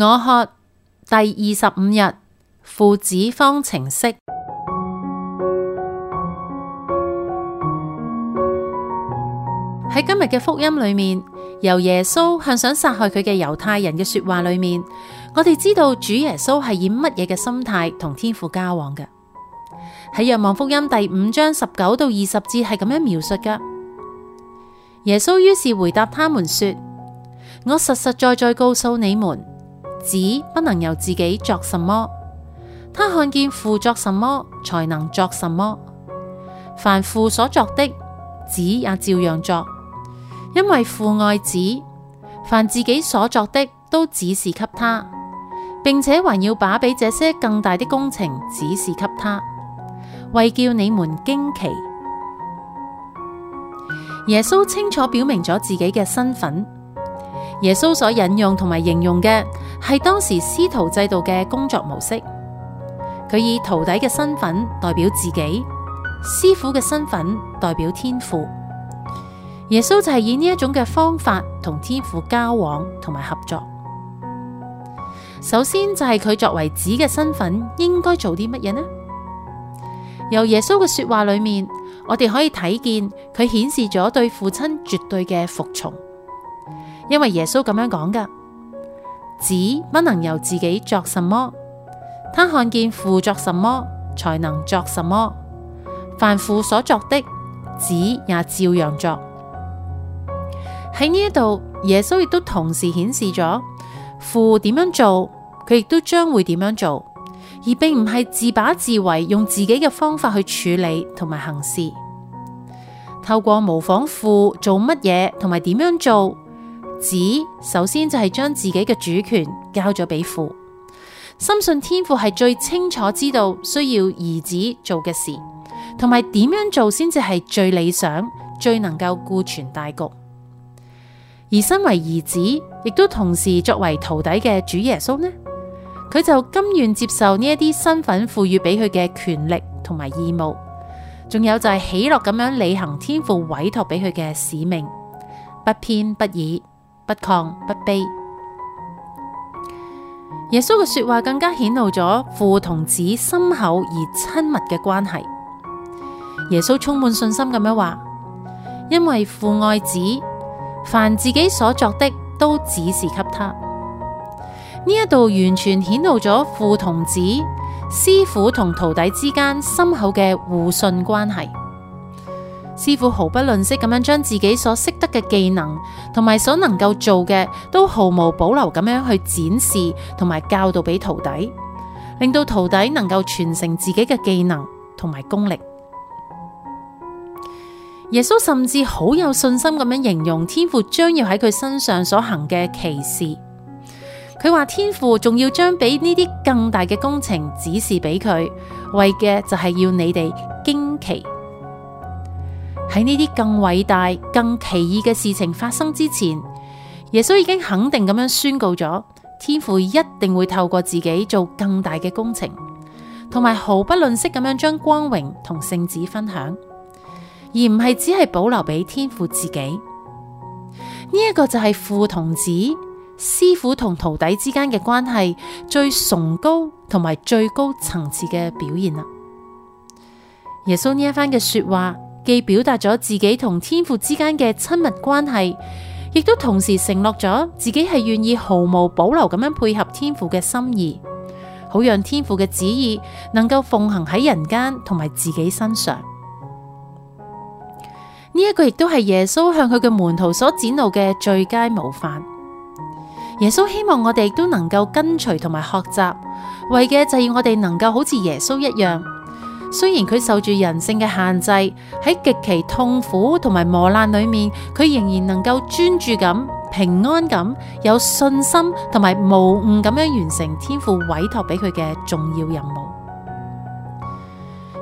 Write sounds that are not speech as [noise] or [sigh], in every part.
我渴第二十五日父子方程式。喺 [music] 今日嘅福音裏面，由耶穌向想殺害佢嘅猶太人嘅說話裏面，我哋知道主耶穌係以乜嘢嘅心態同天父交往嘅。喺《若望福音》第五章十九到二十節係咁樣描述噶。耶穌於是回答他們說：我實實在在告訴你們。子不能由自己作什麼，他看見父作什麼，才能作什麼。凡父所作的，子也照樣作，因為父愛子。凡自己所作的，都指示給他，並且還要把比這些更大的工程指示給他，為叫你們驚奇。耶穌清楚表明咗自己嘅身份。耶穌所引用同埋形容嘅係當時師徒制度嘅工作模式，佢以徒弟嘅身份代表自己，師父嘅身份代表天父。耶穌就係以呢一種嘅方法同天父交往同埋合作。首先就係佢作為子嘅身份應該做啲乜嘢呢？由耶穌嘅說話裏面，我哋可以睇見佢顯示咗對父親絕對嘅服從。因為耶穌咁樣講噶，子不能由自己作什麼，他看見父作什麼，才能作什麼，凡父所作的，子也照樣作。喺呢一度，耶穌亦都同時顯示咗，父點樣做，佢亦都將會點樣做，而並唔係自把自為，用自己嘅方法去處理同埋行事，透過模仿父做乜嘢，同埋點樣做。子首先就係將自己嘅主權交咗俾父，深信天父係最清楚知道需要兒子做嘅事，同埋點樣做先至係最理想、最能夠顧全大局。而身為兒子，亦都同時作為徒弟嘅主耶穌呢，佢就甘願接受呢一啲身份賦予俾佢嘅權力同埋義務，仲有就係喜樂咁樣履行天父委託俾佢嘅使命，不偏不倚。不亢不卑，耶穌嘅說話更加顯露咗父同子深厚而親密嘅關係。耶穌充滿信心咁樣話：「因為父愛子，凡自己所作的，都指示給他。呢一度完全顯露咗父同子、師傅同徒弟之間深厚嘅互信關係。師父毫不吝嗇咁樣將自己所識得嘅技能同埋所能夠做嘅，都毫無保留咁樣去展示同埋教導俾徒弟，令到徒弟能夠傳承自己嘅技能同埋功力。耶穌甚至好有信心咁樣形容天父將要喺佢身上所行嘅奇事，佢話天父仲要將比呢啲更大嘅工程指示俾佢，為嘅就係要你哋驚奇。喺呢啲更偉大、更奇異嘅事情發生之前，耶穌已經肯定咁樣宣告咗，天父一定會透過自己做更大嘅工程，同埋毫不吝嗇咁樣將光榮同聖子分享，而唔係只係保留俾天父自己。呢一個就係父同子、師父同徒弟之間嘅關係最崇高同埋最高層次嘅表現啦。耶穌呢一番嘅說話，既表達咗自己同天父之間嘅親密關係，亦都同時承諾咗自己係願意毫無保留咁樣配合天父嘅心意，好讓天父嘅旨意能夠奉行喺人間同埋自己身上。呢一個亦都係耶穌向佢嘅門徒所展露嘅最佳模範。耶穌希望我哋都能夠跟隨同埋學習，為嘅就係要我哋能夠好似耶穌一樣。雖然佢受住人性嘅限制，喺極其痛苦同埋磨難裏面，佢仍然能夠專注咁、平安咁、有信心同埋無誤咁樣完成天父委託俾佢嘅重要任務。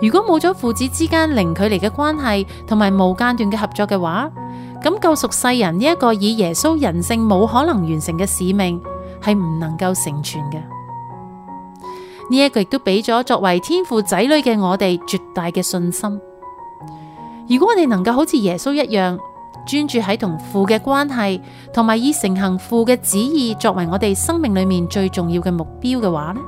如果冇咗父子之間零距離嘅關係同埋無間斷嘅合作嘅話，咁救贖世人呢一個以耶穌人性冇可能完成嘅使命，係唔能夠成全嘅。呢一個亦都俾咗作為天父仔女嘅我哋絕大嘅信心。如果我哋能夠好似耶穌一樣專注喺同父嘅關係，同埋以承行父嘅旨意作為我哋生命裏面最重要嘅目標嘅話呢，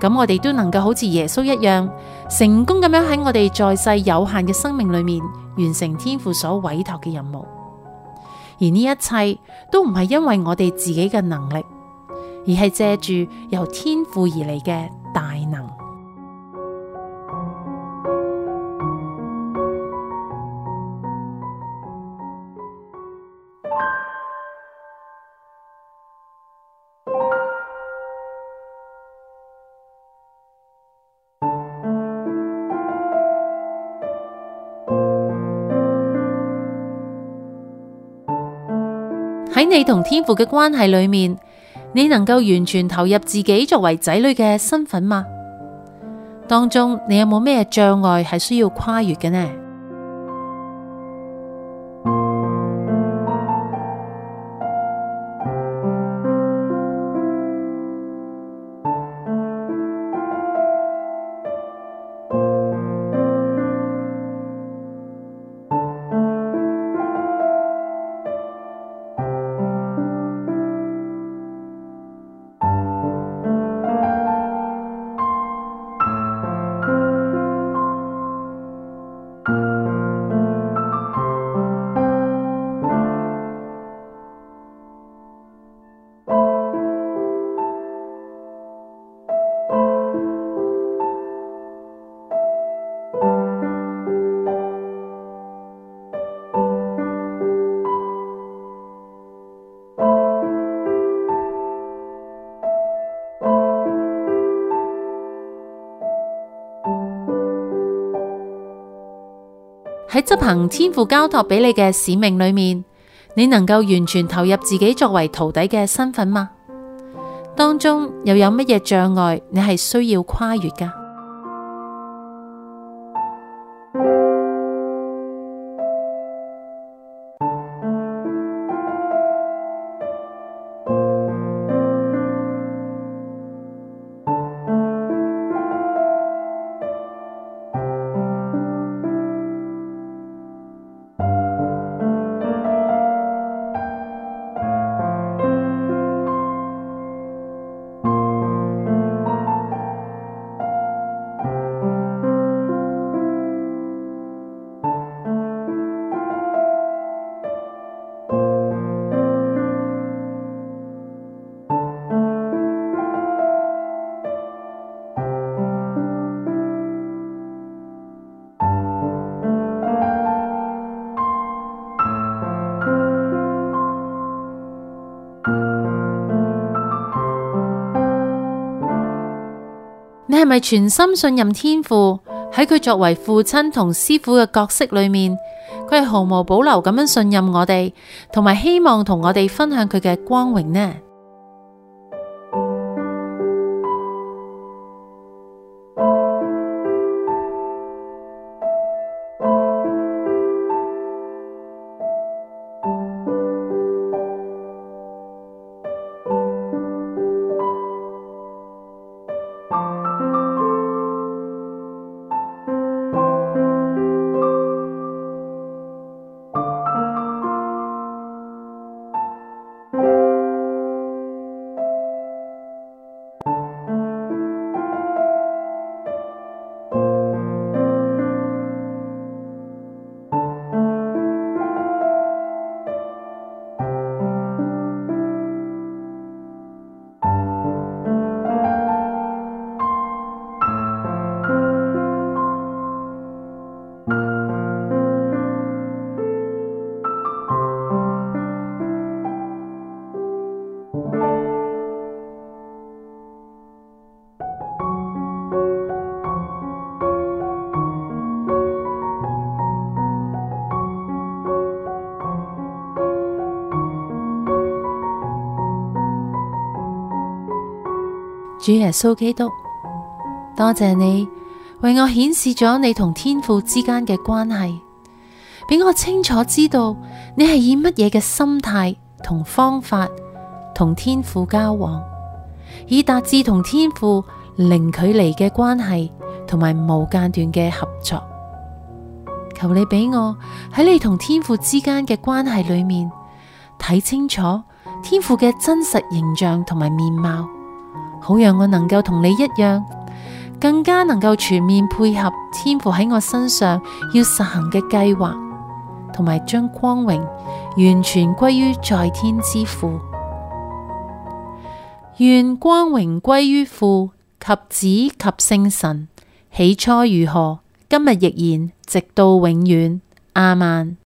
咁我哋都能夠好似耶穌一樣成功咁樣喺我哋在世有限嘅生命裏面完成天父所委託嘅任務。而呢一切都唔係因為我哋自己嘅能力。而係借住由天父而嚟嘅大能。喺 [music] 你同天父嘅關係裏面。你能夠完全投入自己作為仔女嘅身份嗎？當中你有冇咩障礙係需要跨越嘅呢？喺執行天父交託俾你嘅使命裏面，你能夠完全投入自己作為徒弟嘅身份嗎？當中又有乜嘢障礙你係需要跨越㗎？係咪全心信任天父，喺佢作為父親同師傅嘅角色裏面，佢係毫無保留咁樣信任我哋，同埋希望同我哋分享佢嘅光榮呢？主耶穌基督，多謝你為我顯示咗你同天父之間嘅關係，俾我清楚知道你係以乜嘢嘅心態同方法同天父交往，以達至同天父零距離嘅關係，同埋無間斷嘅合作。求你俾我喺你同天父之間嘅關係裏面睇清楚天父嘅真實形象同埋面貌。好讓我能夠同你一樣，更加能夠全面配合天父喺我身上要實行嘅計劃，同埋將光榮完全歸於在天之父。願光榮歸於父及子及聖神，起初如何，今日亦然，直到永遠。亞孟。